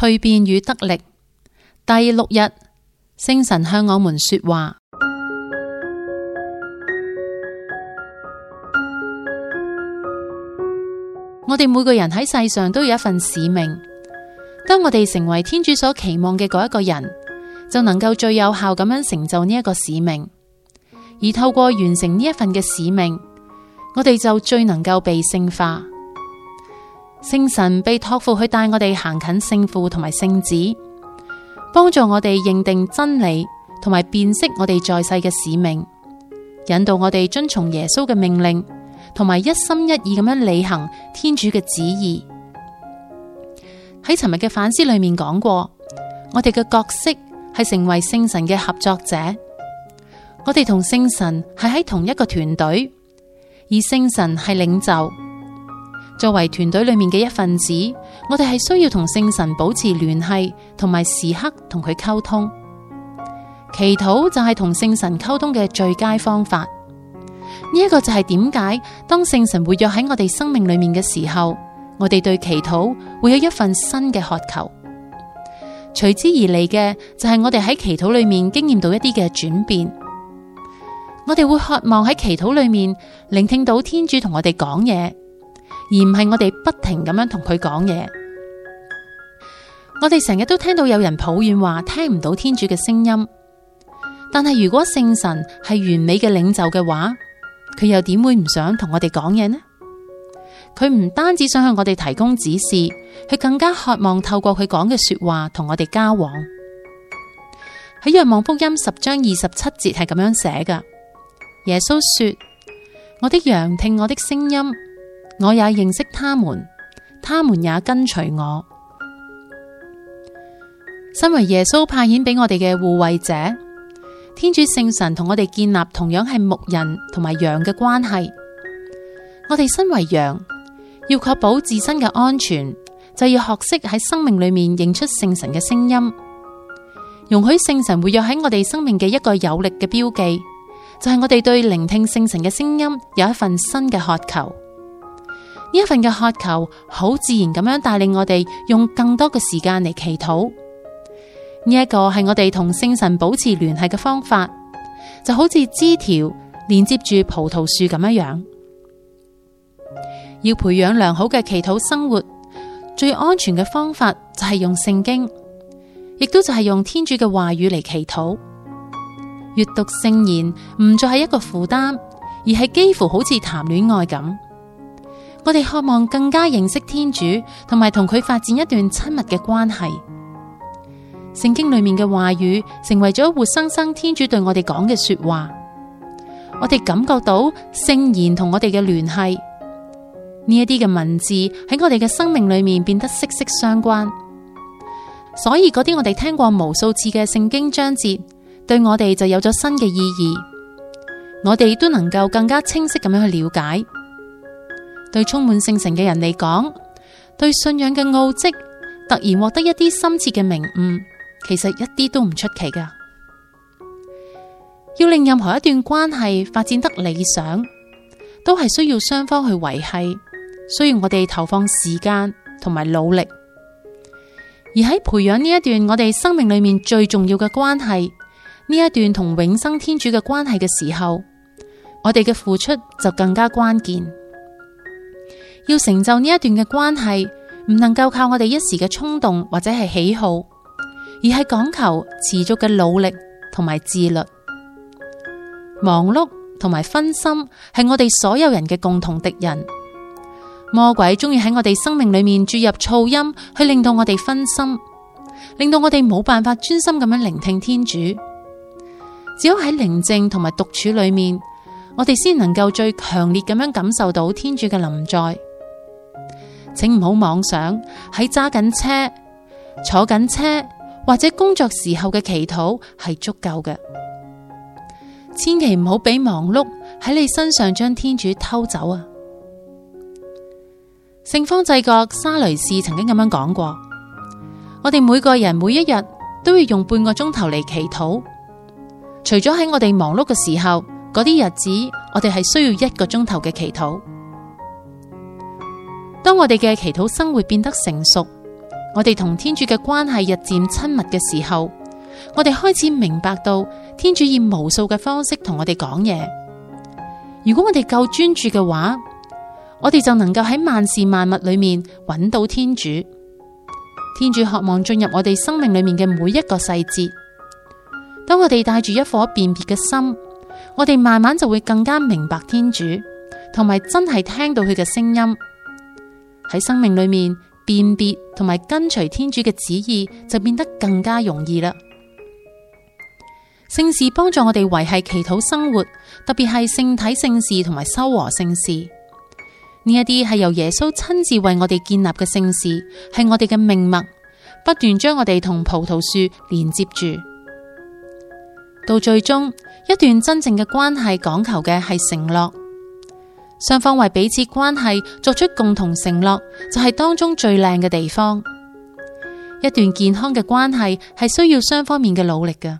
蛻變與得力，第六日，聖神向我們說話。 我哋每個人喺世上都有一份使命。當我哋成為天主所期望嘅嗰一個人，就能夠最有效咁樣成就呢一個使命。而透過完成呢一份嘅使命，我哋就最能夠被聖化。聖神被託付去帶我哋行近聖父同埋聖子，幫助我哋認定真理，同埋辨識我哋在世嘅使命，引導我哋遵從耶穌嘅命令，同埋一心一意咁樣履行天主嘅旨意。喺尋日嘅反思裏面講過，我哋嘅角色係成為聖神嘅合作者，我哋同聖神係喺同一個團隊，而聖神係領袖。作為團隊裏面嘅一份子，我哋係需要同聖神保持聯繫，同埋時刻同佢溝通。祈禱就係同聖神溝通嘅最佳方法。呢一個就係點解當聖神活躍喺我哋生命裏面嘅時候，我哋對祈禱會有一份新嘅渴求。隨之而嚟嘅就係我哋喺祈禱裏面經驗到一啲嘅轉變。我哋會渴望喺祈禱裏面聆聽到天主同我哋講嘢。而唔係我哋不停咁樣同佢講嘢，我哋成日都聽到有人抱怨話聽唔到天主嘅聲音。但係如果聖神係完美嘅領袖嘅話，佢又點會唔想同我哋講嘢呢？佢唔單止想向我哋提供指示，佢更加渴望透過佢講嘅說話同我哋交往。喺《若望福音》十章二十七節係咁樣寫噶：耶穌說，我的羊聽我的聲音。我也認識他們，他們也跟隨我。身為耶穌派遣俾我哋嘅護慰者，天主聖神同我哋建立同樣係牧人同埋羊嘅關係。我哋身為羊，要確保自身嘅安全，就要學識喺生命裏面認出聖神嘅聲音。容許聖神活躍喺我哋生命嘅一個有力嘅標記，就係我哋對聆聽聖神嘅聲音有一份新嘅渴求。呢一份嘅渴求，好自然咁樣帶領我哋用更多嘅時間嚟祈禱。呢一個係我哋同聖神保持聯繫嘅方法，就好似枝條連接住葡萄樹咁一樣。要培養良好嘅祈禱生活，最安全嘅方法就係用聖經，亦都就係用天主嘅話語嚟祈禱。閱讀聖言唔再係一個負擔，而係幾乎好似談戀愛咁。我哋渴望更加認識天主，同埋同佢發展一段親密嘅關係。聖經裏面嘅話語成為咗活生生天主對我哋講嘅說話，我哋感覺到聖言同我哋嘅聯繫。呢一啲嘅文字喺我哋嘅生命裏面變得息息相關，所以嗰啲我哋聽過無數次嘅聖經章節，對我哋就有咗新嘅意義。我哋都能夠更加清晰咁樣去了解。對充滿聖神嘅人嚟講，對信仰嘅奧蹟突然獲得一啲深切嘅明悟，其實一啲都唔出奇㗎。要令任何一段關係發展得理想，都係需要雙方去維繫，需要我哋投放時間同埋努力。而喺培養呢一段我哋生命裏面最重要嘅關係，呢一段同永生天主嘅關係嘅時候，我哋嘅付出就更加關鍵。要成就呢一段嘅關係，唔能夠靠我哋一時嘅衝動或者係喜好，而係講求持續嘅努力同埋自律。忙碌同埋分心係我哋所有人嘅共同敵人。魔鬼中意喺我哋生命裏面注入噪音，去令到我哋分心，令到我哋冇辦法專心咁樣聆聽天主。只有喺寧靜同埋獨處裏面，我哋先能夠最強烈咁樣感受到天主嘅臨在。請唔好妄想喺揸緊車、坐緊車或者工作時候嘅祈禱係足夠嘅。千祈唔好俾忙碌喺你身上將天主偷走啊！聖方濟各沙雷氏曾經咁樣講過：「我哋每個人每一日都要用半個鐘頭嚟祈禱。除咗喺我哋忙碌嘅時候，嗰啲日子我哋係需要一個鐘頭嘅祈禱。當我哋嘅祈禱生活變得成熟，我哋同天主嘅關係日漸親密嘅時候，我哋開始明白到天主以無數嘅方式同我哋講嘢。如果我哋夠專注嘅話，我哋就能夠喺萬事萬物裏面揾到天主。天主渴望進入我哋生命裏面嘅每一個細節。當我哋帶住一顆辨別嘅心，我哋慢慢就會更加明白天主，同埋真係聽到佢嘅聲音。喺生命裏面辨別同埋跟隨天主嘅旨意就變得更加容易啦。聖事幫助我哋維係祈禱生活，特別係聖體聖事同埋修和聖事，呢一啲係由耶穌親自為我哋建立嘅聖事，係我哋嘅命脈，不斷將我哋同葡萄樹連接住。到最終，一段真正嘅關係講求嘅係承諾。雙方為彼此關係作出共同承諾，就係、是、當中最靚嘅地方。一段健康嘅關係係需要雙方面嘅努力嘅，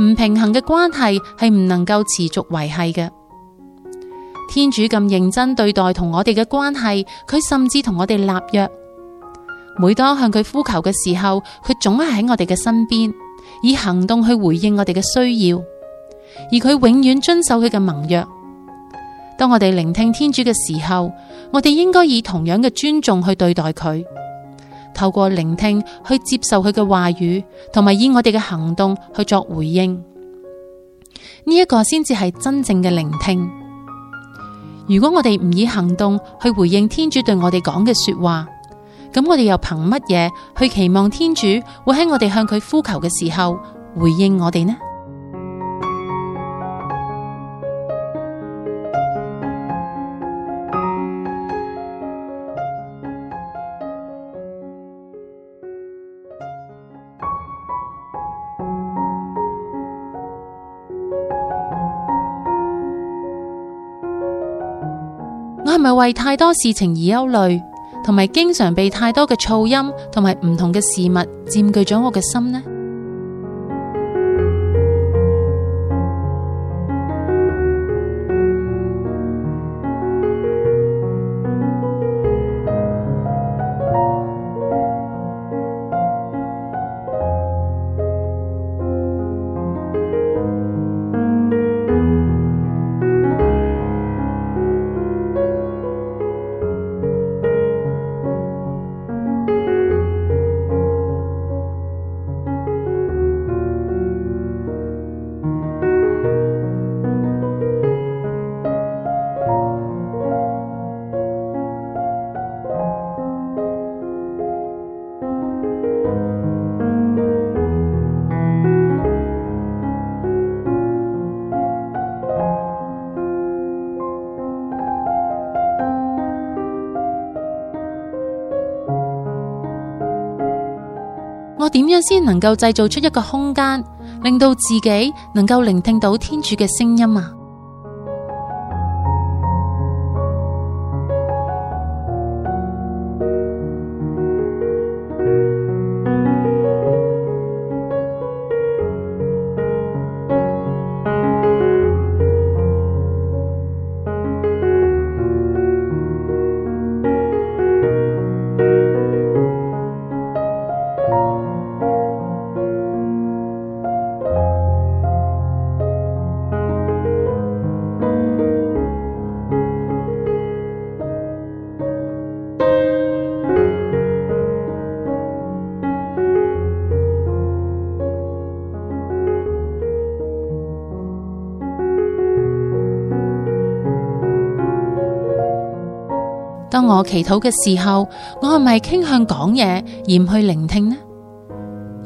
唔平衡嘅關係係唔能夠持續維繫嘅。天主咁認真對待同我哋嘅關係，佢甚至同我哋立約。每當向佢呼求嘅時候，佢總係喺我哋嘅身邊，以行動去回應我哋嘅需要，而佢永遠遵守佢嘅盟約。當我哋聆聽天主嘅時候，我哋應該以同樣嘅尊重去對待佢，透過聆聽去接受佢嘅話語，同埋以我哋嘅行動去作回應。呢一個先至係真正嘅聆聽。如果我哋唔以行動去回應天主對我哋講嘅說話，咁我哋又憑乜嘢去期望天主會喺我哋向佢呼求嘅時候回應我哋呢？係咪為太多事情而憂慮，同埋經常被太多嘅噪音同埋唔同嘅事物佔據咗我嘅心呢？點樣先能夠製造出一個空間，令到自己能夠聆聽到天主嘅聲音啊？祈禱嘅時候，我係咪傾向講嘢而唔去聆聽呢？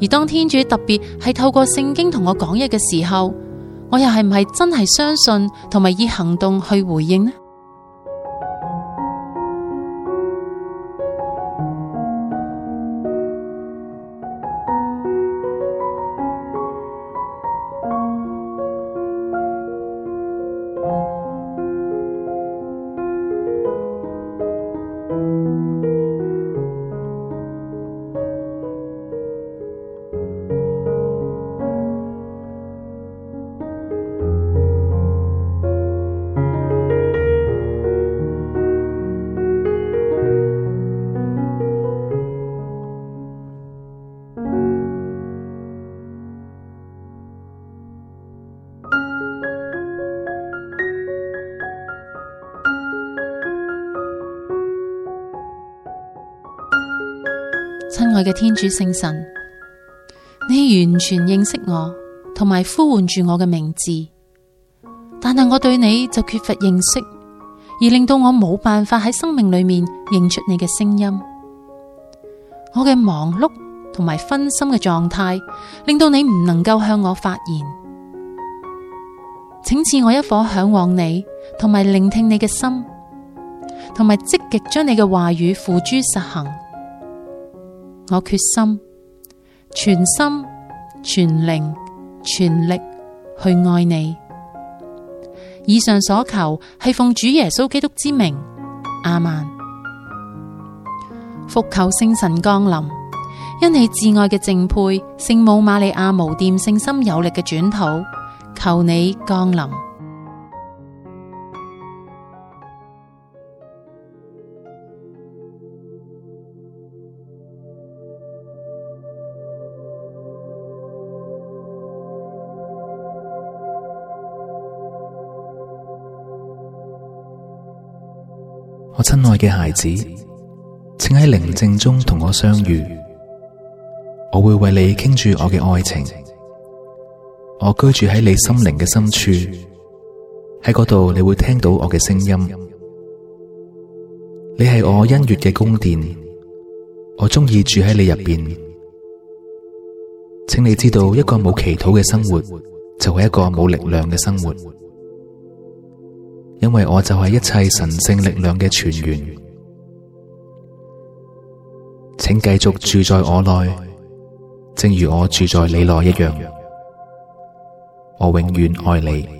而當天主特別係透過聖經同我講嘢嘅時候，我又係唔係真係相信同埋以，以行動去回應呢？我嘅天主聖神，你完全認識我，同埋呼喚住我嘅名字，但係我對你就缺乏認識，而令到我冇辦法喺生命裏面認出你嘅聲音。我嘅忙碌同埋分心嘅狀態，令到你唔能夠向我發言。請賜我一顆向往你，同埋聆聽你嘅心，同埋積極將你嘅話語付諸實行。我決心全心全靈全力去愛你。以上所求係奉主耶穌基督之名，亞孟。伏求聖神降臨，因你至愛嘅淨配聖母瑪利亞無玷聖心有力嘅轉禱，求你降臨。親愛嘅孩子，請喺寧靜中同我相遇，我會為你傾注我嘅愛情。我居住喺你心靈嘅深處，喺嗰度你會聽到我嘅聲音。你係我欣悅嘅宮殿，我中意住喺你入邊。請你知道，一個冇祈禱嘅生活就係一個冇力量嘅生活。就是因為我就係一切神聖力量嘅泉源，請繼續住在我內，正如我住在你內一樣。我永遠愛你。